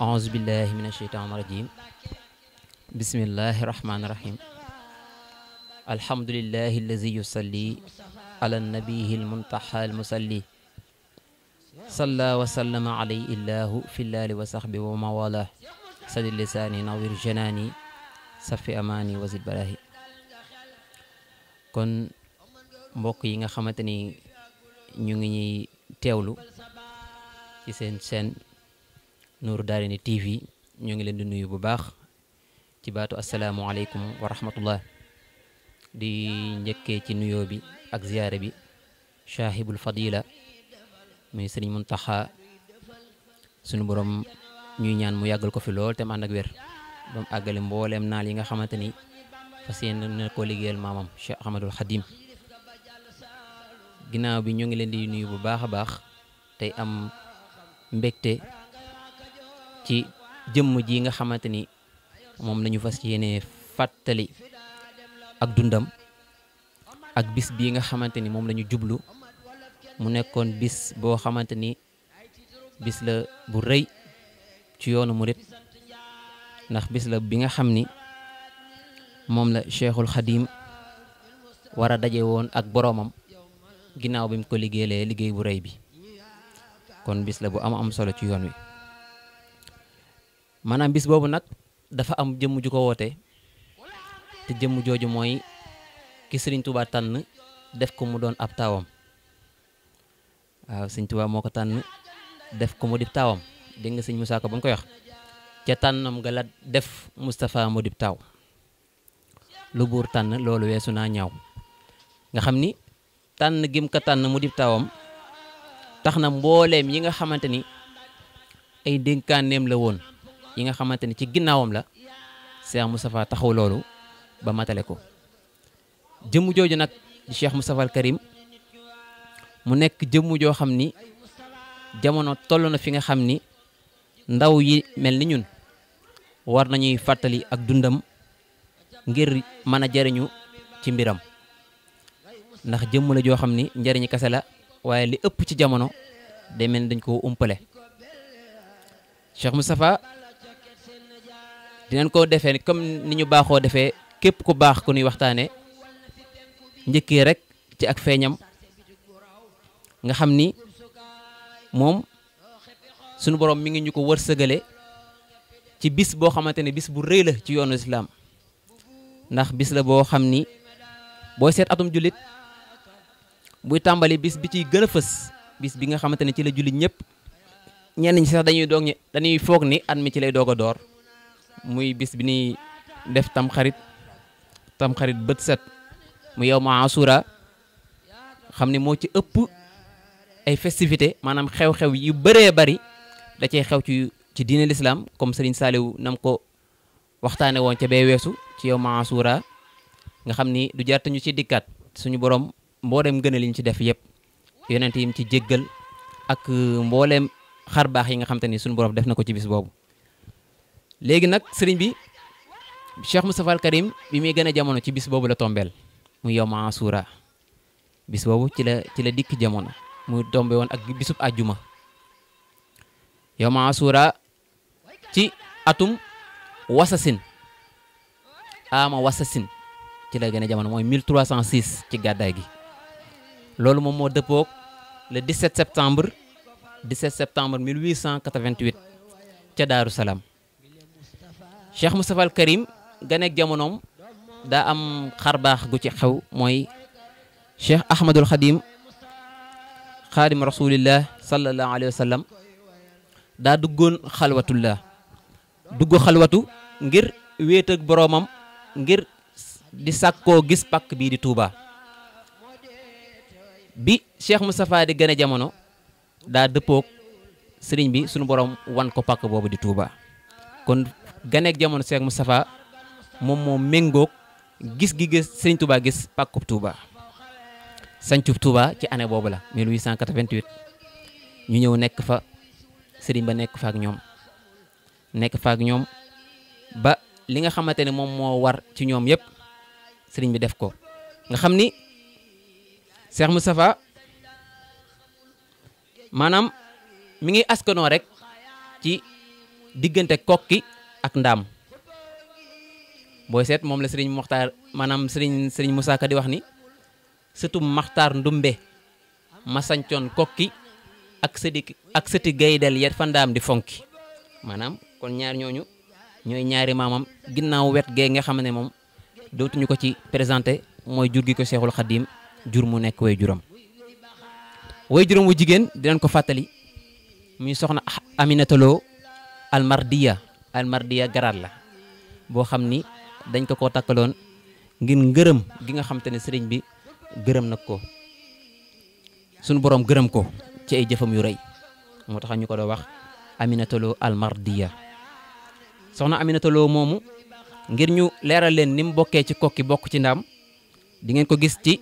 auzu billahi min asheytaan rajim bismillahi rahmaani rahim alhamdulillahi allazi yusalli ala nabihi almuntaha almusalli salla wa sallama alay illahu fi llaali wa sahbi wa mawala sadi lisaani nawir janaani safi amaani wasid barahi kon mbokk yi nga xamante ni ñu ngi ñuy teewlu ci seen seen Nuuru Daarayni TV ñoo ngi leen di nuyu bu baax ci baatu asalaamualeykum wa rahmatullah di njëkkee ci nuyoo bi ak ziyaare bi saahibul fadila muy sëriñ Muntaxa sunu borom ñuy ñaan mu yàggal ko fi lool te mu ànd ak wér ba àggale mbooleem naa yi nga xamante ni fas yéene na koo liggéeyal maamam Cheikh Ahmadul Xadim ginnaaw bi ñoo ngi leen di nuyu bu baax a baax tey am mbégte ci jëm ji nga xamanteni mom lañu fas yene fatali ak dundam ak bis bi nga xamanteni mom lañu jublu mu nekkon bis bo xamanteni bis la bu reuy ci yoonu murit ndax bis la bi nga xamni mom la Cheikhul khadim wara dajé won ak boromam ginaaw bim ko liggéeyee liggéey bu reuy bi kon bis la bu am am solo ci yoon wi manam bis bobu nak dafa am jëm ju ko wote te jëm joju moy ki serigne touba tan def ko mu doon ab tawam waaw serigne touba moko tan def ko mu dib taawam dégg nga serigne Moussa Ka bang koy wax ca def Mustafa modib taw lu bur tan loolu wessu na ñaw nga xamni ni tànn gim ka tan mu dib taawam yi nga xamanteni ay denkanem la yi nga xamante ni ci ginnaawam la Cheikh Moustapha taxaw loolu ba matale ko jëmm jooju nag di Cheikh Moustapha al Karim mu nekk jëmm joo xam ni jamono toll na fi nga xam ni ndaw yi mel ni ñun war nañuy fàttali ak dundam ngir mën a jariñu ci mbiram ndax jëmm joo xam ni njariñu kese la waaye li ëpp ci jamono day mel ni dañ koo umpale Cheikh Moustapha dinañ koo defee comme ni ñu baaxoo defee képp ku baax ko ñuy waxtaane njëkkee rek ci ak feeñam nga xam ni moom sunu borom mi ngi ñu ko wërsëgale ci bis boo xamante ne bis bu rëy la ci yoonu islaam ndax bis la boo xam ni booy seet atum jullit buy tàmbali bis bi ciy gën a fës bis bi nga xamante ne ci la jullit ñëpp ñenn ñi sax dañuy doog ñi dañuy foog ni at mi ci lay doog a door muy bis bi ni def tam xarit tam xarit bët set mu yow ma asura xam ne moo ci ëpp ay festivité maanaam xew-xew yu bëree bari da cay xew ci ci diine l'islam comme Serigne Saliou nam ko waxtaane woon ca bee weesu ci yow ma asura nga xam du jarta ñu ci dikkaat suñu borom mboolem gën a liñ ci def yépp yonent yim ci jéggal ak mboolem xarbaax yi nga xam suñu borom def na ko ci bis boobu léegi nag sëriñ bi Cheikh Moustapha al bi muy gën a jamono ci bis boobu la tombeel mu yowm Asura bis ci la ci la dikk jamono muy tombe woon ak bisub àjjuma yowm Asura ci atum wasasin ama wasasin ci la gën a jamono mooy 1306 ci gàddaay gi loolu moom moo dëppoog le 17 septembre 17 septembre 1888 ca Daaru Salaam Cheikh Moustapha al Karim ganeek jamonoom daa am xar baax gu ci xew mooy Cheikh Ahmadul Xadim khadim rasulillah sallallahu alayhi wa sallam daa duggoon xalwatullah dugg xalwatu ngir wéet ak boroomam ngir di sàkkoo gis pàkk bii di Touba bi Cheikh Moustapha di gane jamono daa dëppook sëriñ bi sunu borom wan ko pàkk boobu di Touba kon ganeek jamono Cheikh Moustapha momo mo gis gi gis serigne Touba gis pàkkub Touba serigne Touba ci ane boobu la 1888 ñu ñew nek fa serigne ba nek fa ak ñom nek fa ak ñom ba li nga xamantene mom mo war ci ñom yep serigne bi def ko nga xamni Cheikh Moustapha manam mi ngi askano rek ci digënté kokki ak dam. booy seet moom la sëriñ Mokhtar maanaam sëriñ sëriñ Moussa Ka di wax ni sëtu Mokhtar Ndumbe ma koki, kokki ak sëti ak sëti gaydel yet di fonki manam kon ñaar ñooñu ñooy ñaari maamam ginnaaw wet gee nga xam ne moom dootuñu ko ci présenté mooy jur gi ko Seexul Xadiim jur mu nekk way juram way juram wu di dinañ ko fàttali muy soxna Aminata Lo almardiya almardiya garaat la boo xam ni dañ ko koo takkaloon ngir ngërëm gi nga xam te ne sëriñ bi gërëm nag ko sunu borom gërëm ko ci ay jëfam yu rey moo tax ñu ko doon wax Aminataloo almardiya soxna Aminataloo moomu ngir ñu leeral leen ni mu bokkee ci kokki bokk ci ndam di ngeen ko gis ci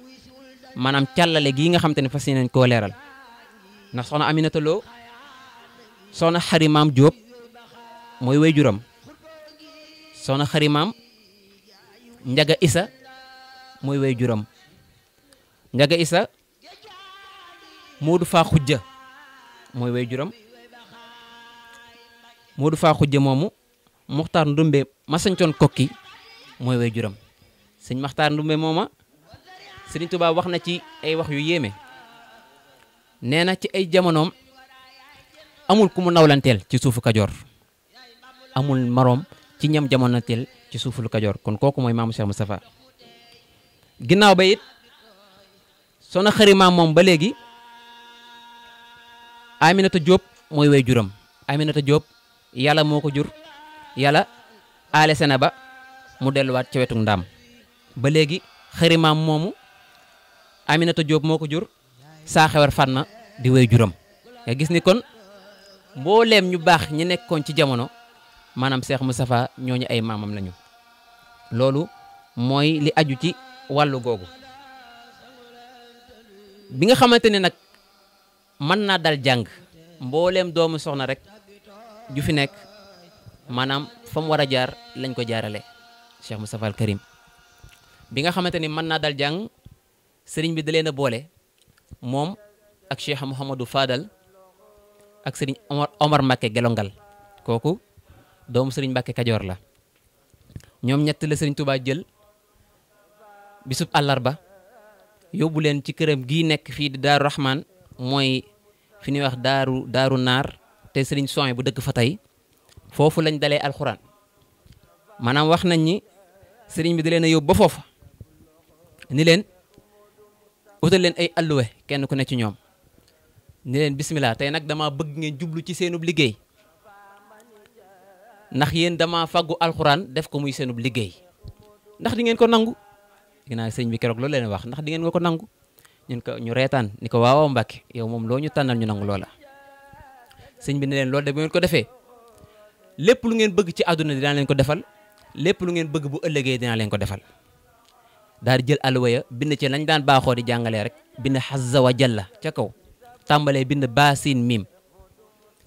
maanaam càllale gii nga xam te ne fas yéeneen koo leeral ndax soxna Aminata Lo soxna Xari Jóob mooy juróom soxna xarimaam njaga isa mooy wayjuram njaga isa moodu faa xujja mooy wayjuram moodu faa xujja moomu muxtaar ndumbe ma sañcoon kokki mooy juróom sëñ muxtaar ndumbe mooma sëriñ Tuubaa wax na ci ay wax yu yéeme nee na ci ay jamonoom amul ku mu nawlanteel ci suufu Kajoor amul maroom ci ñam jamono teel ci suuful kajoor kon kooku mooy maamu Cheikh Moustapha ginnaaw ba it soxna xari maam moom ba léegi Aminata Diop mooy way juram Aminata Diop yàlla moo ko jur yàlla aale sena ba mu delluwaat ca wetu ndaam ba léegi xari moomu Aminata Diop moo ko jur saa xewar fànn di way juram gis ni kon mbooleem ñu baax ñi nekkoon ci jamono maanaam Cheikh Moustapha ñooñu ay maamam lañu loolu mooy li aju ci wàllu googu bi nga xamante ne nag mën naa dal jàng mbooleem doomu soxna rek ju fi nekk maanaam fa war a jaar lañ ko jaarale Cheikh Moustapha al Karim bi nga xamante ni mën naa dal jàng sëriñ bi da leen a boole moom ak Cheikh Mouhamadou faadal ak sëriñ Omar Omar Mbacké Gelongal kooku doomu sëriñ Mbàkke Kajoor la ñoom ñett la sëriñ Touba jël bisub àllarba yóbbu leen ci këram gii nekk fii di Daaru Rahman mooy fi ñuy wax daaru daaru naar te sëriñ Soy bu dëkk fa tey foofu lañ dalee alxuraan maanaam wax nañ ni sëriñ bi da leen a yóbbu ba foofa ni leen utal leen ay alluwe kenn ku nekk ci ñoom ni leen bismillah tey nag dama bëgg ngeen jublu ci seenub liggéey ndax yéen dama fagu alxuraan def ko muy seenub Nah ndax di ngeen ko nangu ginnaaw sëñ bi kérok loolu leen wax ndax di ngeen ko nangu ñun ko ñu rétan niko waawu waawaaw yow mom lo ñu tànnal ñu nangu lola sëñ bi ne leen de bu ngeen ko defee lépp lu ngeen bëgg ci aduna dina leen ko defal lépp lu ngeen bëgg bu ëllëgé dina leen ko defal daal jël alwaya bind ci lañ daan baaxo di jàngalee rek bind hazza wa jalla ca kaw tambalé bind basin mim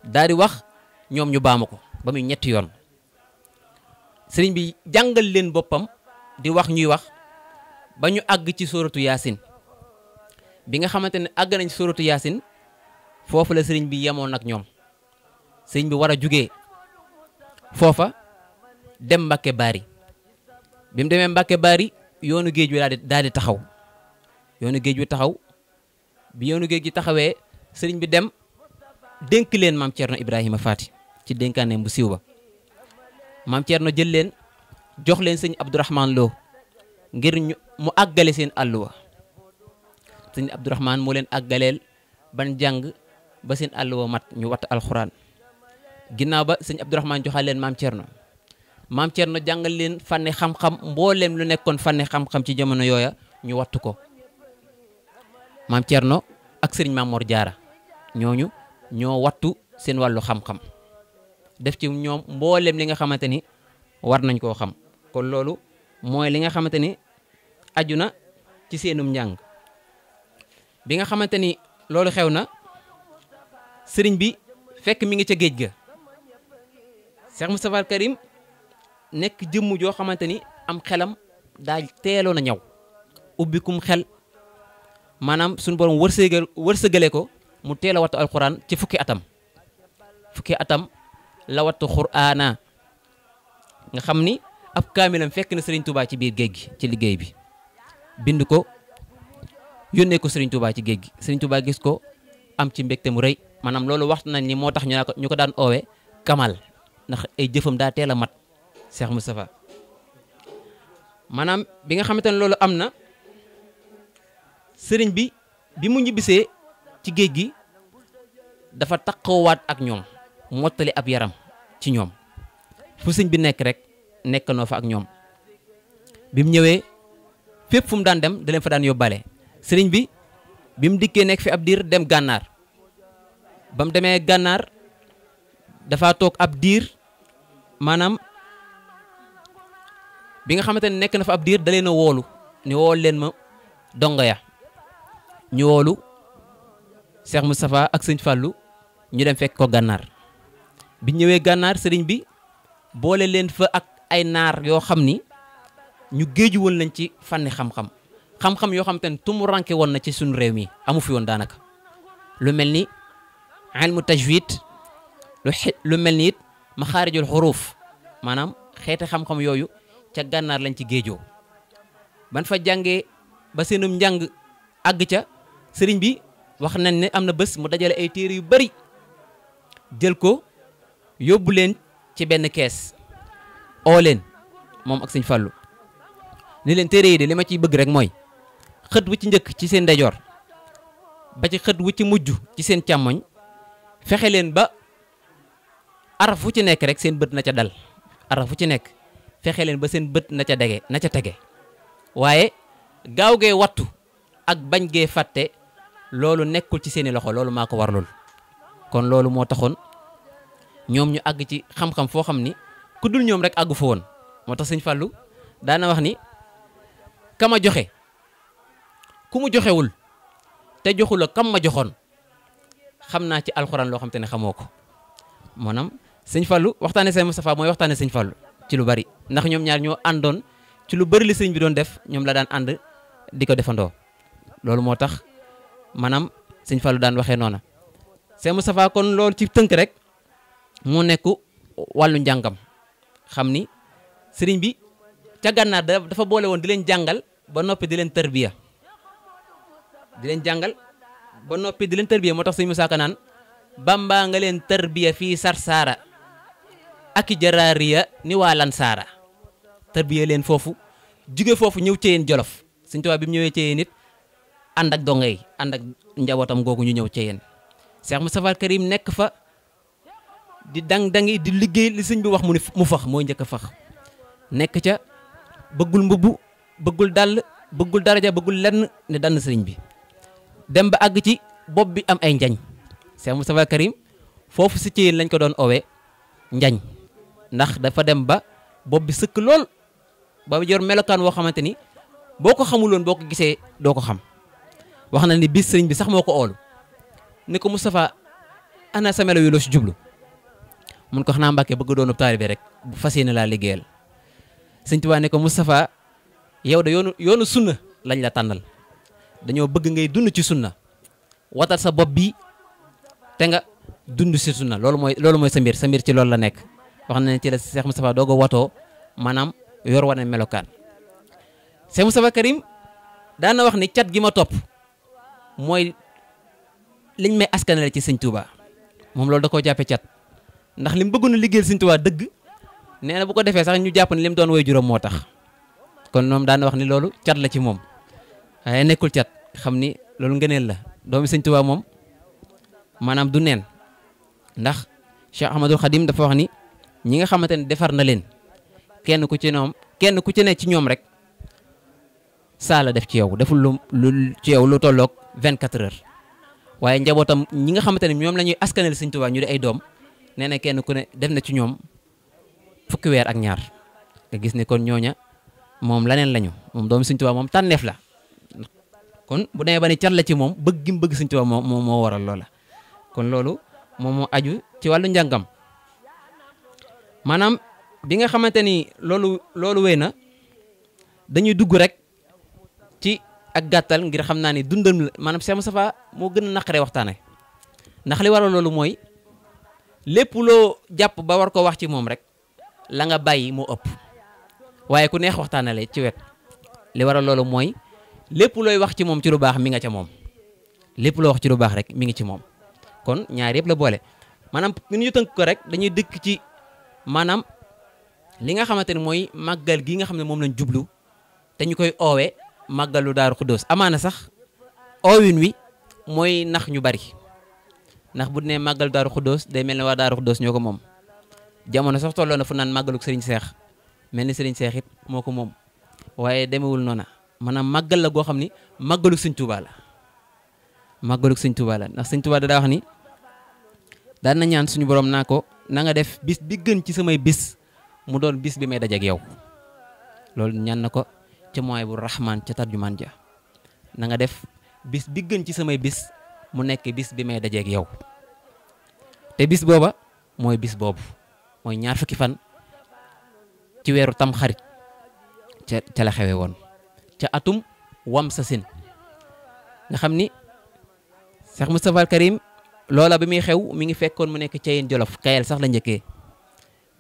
daal di wax ñom ñu baamu ba muy ñetti yoon sëriñ bi jàngal leen boppam di wax ñuy wax ba ñu àgg ci suratu yasin bi nga xamante ne àgg nañ suratu yasin foofu la sëriñ bi yemoon ak ñoom sëriñ bi war a jugee foofa dem Mbàkke Baari bi mu demee Mbàkke Baari yoonu géej wi daal di taxaw yoonu géej wi taxaw bi yoonu géej gi taxawee sëriñ bi dem dénk leen maam Thierno Ibrahima Faati ci dénkaane bu siiw ba maam Thierno jël leen jox leen sëñ Abdourahman Lo ngir mu àggale seen àlluwa sëñ Abdourahman moo leen àggaleel ban jàng ba seen àlluwa mat ñu watt alxuraan ginnaaw ba sëñ Abdourahman joxal leen maam Thierno maam Thierno jàngal leen fànne xam-xam mbooleem lu nekkoon fànne xam-xam ci jamono yooya ñu wattu ko maam Thierno ak sëriñ Maam ñooñu ñoo seen wàllu xam-xam def ci ñoom mboolem li nga xamante ni war nañ koo xam kon loolu mooy li nga xamante ni aju ci seenum njàng bi nga xamante ni loolu xew na sëriñ bi fekk mi ngi ca géej ga Cheikh Moustapha Karim nekk jëmm joo xamante ni am xelam daal teeloon na ñaw ubbikum xel maanaam suñu borom wërsëgal wërsëgale ko mu teel a wattu alxuraan ci fukki atam fukki atam lawattu qur'aana nga xam ni ab kaamilam fekk na sëriñ Touba ci biir géej gi ci liggéey bi bind ko yónnee ko sëriñ Touba ci géej gi Serigne Touba gis ko am ci mbégte mu rëy maanaam loolu waxtu nañ ni moo tax ñu ñu ko daan oowe Kamal ndax ay jëfam daa teel a mat Cheikh Moustapha maanaam bi nga xamante ne loolu am na sëriñ bi bi mu ñibbisee ci géej gi dafa takkoowaat ak ñoom. mottali ab yaram ci ñoom fu sëñ bi nekk rek nekk noo fa ak ñoom bi mu ñëwee fépp fu mu daan dem da fa daan yóbbaale sëriñ bi bi mu dikkee nekk fi ab diir dem gànnaar ba mu demee gànnaar dafa toog ab diir maanaam bi nga xamante ne nekk na fa ab diir da leen a woolu ni wool leen ma dongo ya ñu woolu mu Moustapha ak sëñ Fallou ñu dem fekk ko gànnaar bi ñëwee gànnaar sëriñ bi boole leen fa ak ay naar yoo xam ni ñu géeju woon lañ ci fànni xam-xam xam-xam yoo xam te ne tumu woon na ci suñu réew mi amu fi woon daanaka lu mel ni ilmu tajwid lu lu mel ni it maxaarijul xuruuf maanaam xeeti xam-xam yooyu ca gànnaar lañ ci géejoo ban fa jàngee ba seenum njàng àgg ca sëriñ bi wax nañ ne am na bës mu dajale ay téere yu bari jël ko yóbbu leen ci benn kees oo leen moom ak sëñ Fallou ni leen téere yi de li ma ciy bëgg rek mooy xët wu ci njëkk ci seen ndeyjoor ba ci xët wu ci mujj ci seen càmmoñ fexe leen ba araf fu ci nekk rek seen bët na ca dal araf fu ci nekk fexe leen ba seen bët na ca dege na ca tege waaye gaaw gee wattu ak bañ gee fàtte loolu nekkul ci seeni loxo loolu maa ko warlul kon loolu moo taxoon ñoom ñu àgg ci xam-xam foo xam ni ku dul ñoom rek àggu fa woon moo tax sëñ fallu daana wax ni kama joxe ku mu joxewul te joxula kam ma joxoon xam naa ci alxuraan loo xam te ne xamoo ko maanaam sëñ fallu waxtaane sëñ Moustapha mooy waxtaane sëñ Fallou ci lu bari ndax ñoom ñaar ñoo àndoon ci lu bari li sëñ bi doon def ñoom la daan ànd di ko defandoo loolu moo tax maanaam sëñ Fallou daan waxee noona sëñ Moustapha kon loolu ci tënk rek mu nekk wàllu njàngam xam ni sëriñ bi ca gànnaar dafa boole woon di leen jàngal ba noppi di leen tërbiya di leen jàngal ba noppi di leen tërbiya moo tax sëriñ Musaa Ka naan bambaa nga leen tërbiya fii sarsaara ak i jaraariya ni waa lansaara leen foofu jóge foofu ñëw ceyeen jolof sëriñ Tuubaa bi mu ñëwee ceyeen ànd ak donge yi ànd ak njabootam googu ñu ñëw ceyeen Cheikh Karim nekk fa di dang dangi di liggey li seigne bi wax mu ni mu fax moy njëkk a fax nekk ca bëggul mbubu bëggul dal daraja len ne dan seigne bi dem ba ag ci bob bi am ay njañ Cheikh Moustapha Karim fofu ci ci lañ ko doon owe njañ ndax dafa dem ba bob bi seuk lol ba jor melokan wo xamanteni boko boo gisee xam waxna ni bis seigne bi sax moko ol niko ana sa melo yu lo ci jublu mun ko xana Mbàkke bëgg doonub talibé rek bu fas la liggéeyal sëñ ne ko mustapha yow da yoonu yoonu sunna lañ la tanal dañoo bëgg ngay dund ci sunna watal sa bop bi te nga dund ci sunna loolu moy loolu moy samir samir ci loolu la nek wax na ci la Cheikh mustapha dogo wato manam yor melokan Cheikh mustapha Karim da na wax ni chat gi ma top moy liñ may askanale ci seigne touba mom loolu da ko jappé chat ndax li mu bëggoon a liggéeyal Sëñ Tuubaa dëgg nee na bu ko defee sax ñu jàpp ne li mu doon woy juróom moo tax kon moom daan wax ni loolu cat la ci moom waaye nekkul cat xam ni loolu ngeneen la doomi Sëñ waa moom maanaam du neen ndax Cheikh Ahmadul Khadim dafa wax ni ñi nga xamante ne defar na leen kenn ku ci ñoom kenn ku ci ne ci ñoom rek saa la def ci yow deful lu lu ci yow lu tollook 24 heures waaye njabootam ñi nga xamante ne ñoom la ñuy askanal Sëñ Tuubaa ñu di ay doom nee na kenn ku ne def na ci ñom fukki wër ak ñaar nga gis ne kon ñoña mom lanen lañu mom doom señtu ba mom tanef la kon bu ne bani ne la ci mom bëgg gi bëgg señtu ba mom mo waral loola kon loolu mom mo aju ci walu njangam manam bi nga xamanteni ni loolu loolu wéy dañuy dugg rek ci ak gàttal ngir xamna ni dundum dundam Cheikh Moustapha mo gën a waxtane li waral loolu moy lépp loo jàpp ba war ko wax ci moom rek la nga bàyyi moo ëpp waaye ku neex waxtaanale ci wet li war a loolu mooy lépp looy wax ci moom ci lu baax mi nga ca moom lépp loo wax ci lu baax rek mi ngi ci moom kon ñaar yëpp la boole maanaam ñu tënk ko rek dañuy dëkk ci maanaam li nga xamante ni mooy màggal gii nga xam ne moom lañ jublu te ñu koy oowee màggalu daaru xuddoos amaana sax oowin wi mooy nax ñu bari ndax bu ne màggal daaru xuddoos day mel ne waa daaru xuddoos ñoo ko moom jamono sax tolloo na fu naan màggaluk sëriñ seex mel ni sëriñ seex it moo ko moom waaye demewul noona maanaam màggal la goo xam ni màggalu sëñ Tuubaa la màggaluk sëñ Tuubaa la ndax sëñ Tuubaa daa wax ni daan na ñaan suñu boroom naa ko nanga def bis bi gën ci samay bis mu doon bis bi may dajeek yow loolu ñaan na ko ca mooy bu raxmaan ca tarjumaan ja na def bis bi gën ci samay mu nek bis bi may ak yow te bis boba moy bis bobu moy ñaar fukki fan ci wéru tam xarit ci la xewé won ci atum wam sasin nga xamni ni Cheikh Moustapha Karim lola bi mi xew mi ngi fekkon mu nekk Ceyeen Jolof Kayel sax la njëkkee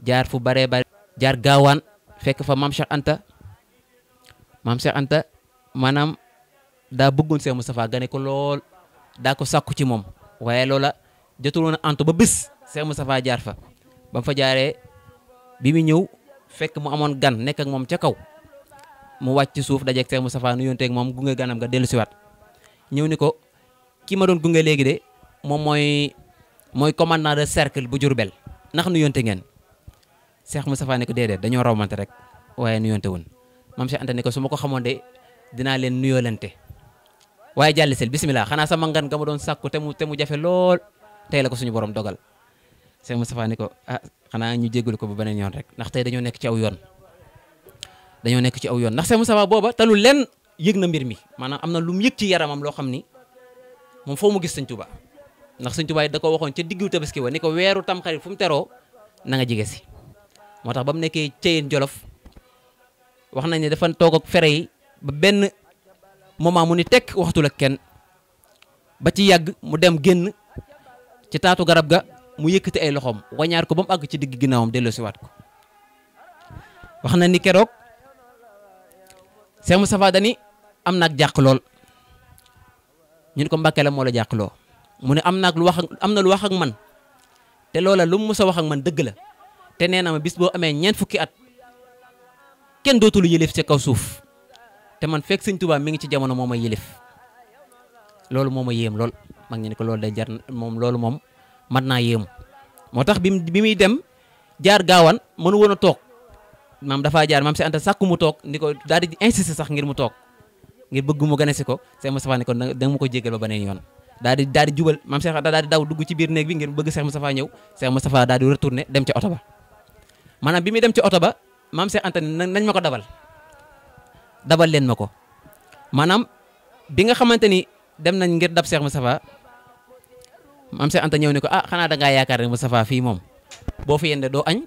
jaar fu bare bare jaar gawan fekk fa maam Cheikh Anta Mam Cheikh Anta manam da bëggoon Cheikh Moustapha gane ko lool daa ko sàkku ci moom waaye loola jotul jotuloon antu ba bés mu Moustapha jaar fa ba fa jaaree bi mu ñëw fekk mu amoon gan nekk ak moom ca kaw mu wàcc ci suuf dajeeg Cheikh Moustapha nu yónteeg moom gunge ganam nga dellu siwaat ñëw ni ko ki ma doon gunge léegi de moom mooy mooy commandant de cercle bu Jurbel ndax nu yónte ngeen Cheikh Moustapha ne ko déedéet dañoo rawmante rek waaye nu yónte woon maam Cheikh Anta ne su ma ko xamoon de dinaa leen nuyoolante waye jallisel Bismillah xana sama ngan ga ma doon sàkku te mu te mu jafé lol tay la ko suñu borom dogal sëñ Moustapha ni ko ah xana ñu jéggul ko bu benen yoon rek ndax tay dañu nekk ci aw yoon dañu nekk ci aw yoon ndax sëñ Moustapha boba ta lu len yëg na mbir mi manam amna lu mu yëg ci yaramam lo xamni mom fo mu gis sëñ Touba ndax sëñ Touba da ko waxon ci diggu tabaski wa ni ko tam xarit fu mu téro na nga si moo tax ba Jolof wax nañ dafa tok ak féré yi ba benn moment mu ni tekk waxtu la kenn ba ci yàgg mu dem génn ci taatu garab ga mu yëkkati ay loxoom wañaar ko ba mu àgg ci digg ginnaawam delloosiwaat ko wax na ni keroog Seex Mustafaa dani am naag jàq lool ñun ko mbàkke la moo la jàqloo mu ne am naag lu wax na lu wax ak man te loola lu mu mës a wax ak man dëgg la te nee na ma bis boo amee ñeent fukki at kenn dootul yëleef ci kaw suuf te man fek seigne touba mi ngi ci jamono moma yelef lolou moma yem lol mag ñene ko loolu day jar mom lolou mom mat na yem motax bi bi dem jaar gawan mënu wona tok mam dafa jaar mam ci anta sakku mu tok ni dal di insisté sax ngir mu tok ngir bëgg mu gané ci ko Seex Mustafaa ni ko danga ma ko jégal ba beneen yoon dal di dal di jubal mam cheikh dal di daw dugg ci biir neeg bi ngir bëgg cheikh mustapha ñew cheikh mustapha dal di retourner dem ci auto ba manam bi mi dem ci auto ba mam cheikh Anta nañ mako dabal dabal leen ma ko maanaam bi nga xamante ni dem nañ ngir dab Cheikh Moustapha maam Cheikh Anta ñëw ne ko ah xanaa da ngaa yaakaar ne Moustapha fii moom boo fi yende doo añ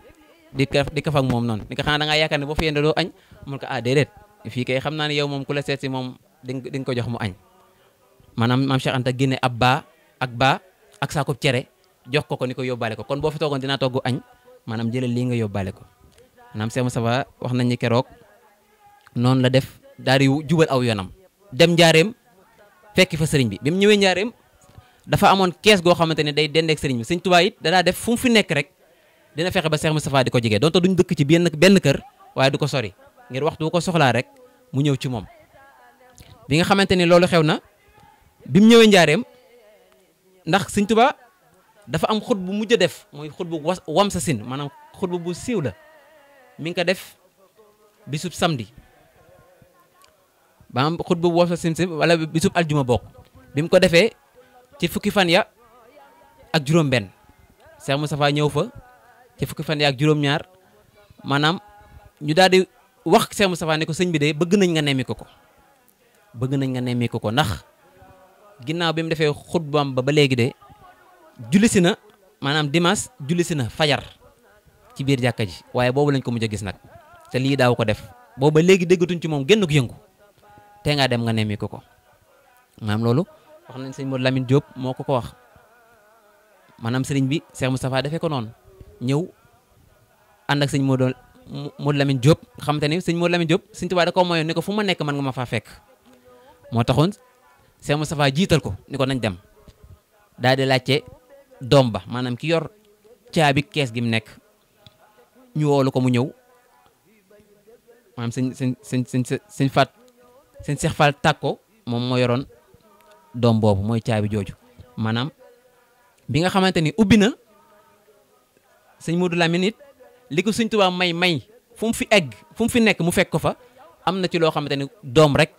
di ka di kafak moom noon ni ko xanaa da yaakaar ne boo fi yende doo añ mun ko ah déedéet fii kay xam naa ne yow moom ku la seet si moom di nga ko jox mu añ maanaam maam Cheikh Anta génne ab baa ak baa ak saakub cere jox ko ko ni ko yóbbaale ko kon boo fi toogoon dinaa togg añ maanaam jële lii nga yóbbaale ko maanaam Cheikh Moustapha wax nañ ni keroog noonu la def daal di jubal aw yoonam dem njaareem fekki fa sëriñ bi bi mu ñëwee njaareem dafa amoon kees goo xamante ne day dendeek sëriñ bi sëñ Tuubaa it danaa def fu mu fi nekk rek dina fexe ba Cheikh Moustapha di ko jege donte duñu dëkk ci benn benn kër waaye du ko sori ngir waxtu bu ko soxlaa rek mu ñëw ci moom. bi nga xamante ni loolu xew na bi mu ñëwee njaareem ndax sëñ Tuubaa dafa am xut bu mujj a def mooy xut bu wam sa sin maanaam xut bu bu siiw la mi ngi ko def bisub samedi. ba am xutba bu woosa simsim wala bisub aljuma bokk bi mu ko defee ci fukki fan ya ak juróom-benn Cheikh Moustapha ñëw fa ci fukki fan ya ak juróom-ñaar maanaam ñu daal di wax Cheikh Moustapha ne ko sëñ bi de bëgg nañ nga nemmi ko bëgg nañ nga nemmi ko ndax ginnaaw bi mu defee xutbaam ba ba léegi de julli si na maanaam dimaas julli na fajar ci biir jàkka ji waaye boobu lañ ko mujj a gis nag te lii daaw ko def ba léegi déggatuñ ci moom génn ko yëngu. te ngaa dem nga nemmiku ko maanaam loolu wax nañ sëñ Modou Lamine jóob moo ko ko wax maanaam sëriñ bi Cheikh Moustapha defee ko noonu ñëw ànd ak sëñ Modou Modou Lamine Diop xam te ne sëñ Modou Lamine Diop sëñ Tuubaa da koo ni ko fu ma nekk man nga ma faa fekk moo taxoon Cheikh Moustapha jiital ko ni ko nañ dem daal di laajte doom ba maanaam ki yor caabi kees gi mu nekk ñu woolu ko mu ñëw maanaam sëñ sëñ sëñ sëñ sëñ sëñ Cheikh Fall Takko moom moo yoroon doom boobu mooy caabi jooju maanaam bi nga xamante ni ubbi na sëñ Modou Lamine it li ko sëñ Tuubaa may may fu mu fi egg fu mu fi nekk mu fekk ko fa am na ci loo xamante ni doom rek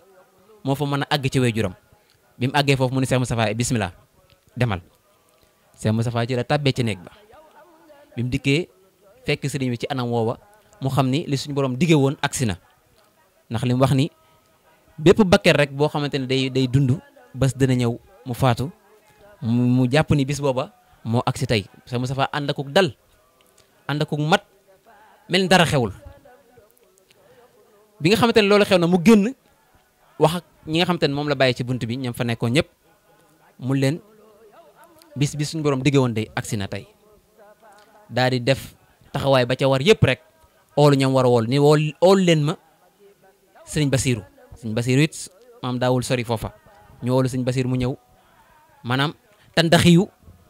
moo fa mën a àgg ci juróom bi mu àggee foofu mu ne Cheikh Moustapha bismillah demal Cheikh Moustapha ci la tàbbee ci néeg ba bi mu dikkee fekk sëriñ bi ci anam woowa mu xam ni li suñu borom diggee woon agsi na ndax li mu wax ni bépp bakket rek boo xamante ni day day dund bés dina ñëw mu faatu mu jàpp ni bis booba moo agsi tey sa Moustapha ànd akuk dal ànd akuk mat mel ni dara xewul bi nga xamante ni loolu xew na mu génn wax ak ñi nga xamante ne moom la bàyyi ci bunt bi ñam fa nekkoon ñëpp mu leen bis bi suñ borom digge woon day agsi na tey daal di def taxawaay ba ca war yëpp rek oolu ñam war a wool ni wool oolu leen ma sëriñ Basiiru sëñ Basiru it maam daawul sori foofa ñu woolu sëñ Basiru mu ñëw maanaam tandaxiyu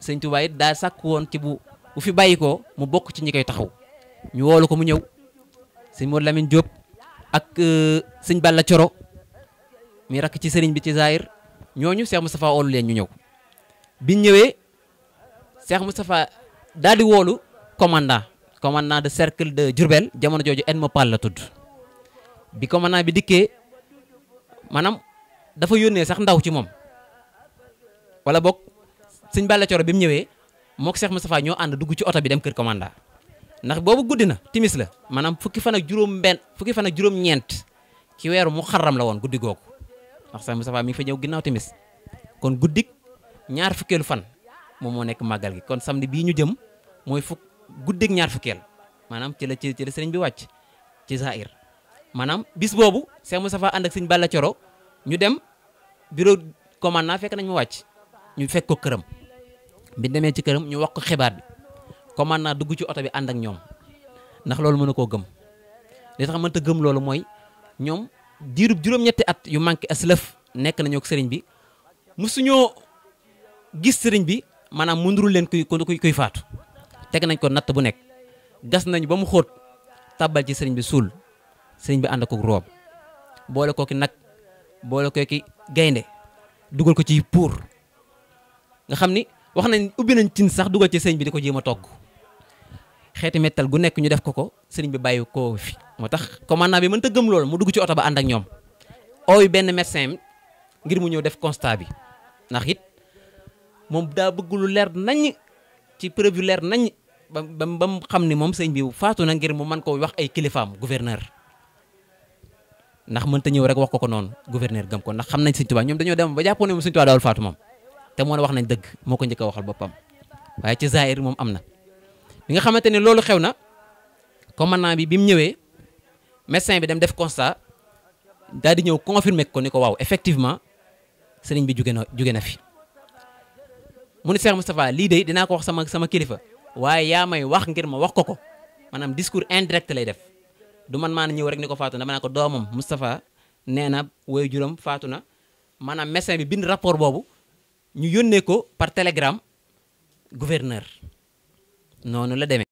sëñ Tuubaa it daa sàkk woon ci bu bu fi bàyyikoo mu bokk ci ñi koy taxaw ñu woolu ko mu ñëw sëñ moo Lamin Jóob ak euh, sëñ Balla Coro mi rakk ci sëriñ bi ci Zahir ñooñu Cheikh Moustapha woolu leen ñu ñëw biñ ñëwee Cheikh Moustapha daal di woolu commandant commandant de cercle de Diourbel jamono jooju en mo pal la tudd bi commandant bi dikkee maanaam dafa yónnee sax ndaw ci moom walla boog sëñ Balla Coro bi mu ñëwee mook Cheikh Moustapha ñoo ànd dugg ci oto bi dem kër commanda ndax boobu guddi na timis la maanaam fukki fan ak juróom benn fukki fan ak juróom ñeent ci weeru mu xarram la woon guddi googu ndax Cheikh Moustapha mi ngi fa ñëw ginnaaw timis kon guddik ñaar fukkeelu fan moom moo nekk màggal gi kon samedi bii ñu jëm mooy fukk guddik ñaar fukkeel maanaam ci la ci bi wàcc ci Zahir maanaam bis boobu Cheikh Moustapha ànd ak sëñ Balla Coro ñu dem bureau commandant fekk nañ mu wàcc ñu fekk ko këram bi demee ci këram ñu wax ko xibaar bi commandant dugg ci oto bi ànd ak ñoom ndax loolu mën na koo gëm li tax mënta gëm loolu mooy ñoom diirub juróom-ñetti at yu manqué aslëf nekk nañoo ak sëriñ bi musuñoo gis sëriñ bi maanaam mundurul leen kuy kuy faatu teg nañ ko natt bu nekk gas nañ ba mu xóot tàbbal ci sëriñ bi suul sëriñ bi ànd ko roob boole kooki nag boole kooki gaynde dugal ko ci pour nga xam ni wax nañ ubbi nañ cin sax dugal ci sëriñ bi di ko jéem a togg xeeti mettal gu nekk ñu def ko ko sëriñ bi bàyyi koo fi moo tax commandant bi mënta gëm loolu mu dugg ci oto ba ànd ak ñoom ooyu benn médecin ngir mu ñëw def constat bi ndax it moom daa bëgg leer nañ ci preuve leer nañ ba ba mu xam ni moom sëriñ bi faatu na ngir mu mën koo wax ay kilifaam gouverneur ndax mënta ñëw rek wax ko ko noonu gouverneur gëm ko ndax xam nañ Sëñ Tuubaa ñoom dañoo dem ba jàppoon ne moom Sëñ Tuubaa daawul faatu moom te moo ne wax nañ dëgg moo ko njëkk a waxal boppam waaye ci zaahir moom am na bi nga xamante ne loolu xew na commandant bi bi mu ñëwee médecin bi dem def constat daal di ñëw confirmer ko ni ko waaw effectivement sëriñ bi jóge na jóge na fi mu ne Cheikh Moustapha lii de dinaa ko wax sama sama kilifa waaye yaa may wax ngir ma wax ko ko maanaam discours indirect lay def du man maa ñëw rek ni ko faatu na dama ko doomam Moustapha nee na woy juróom faatu na maanaam médecin bi bind rapport boobu ñu yónnee ko par télégramme gouverneur noonu la demee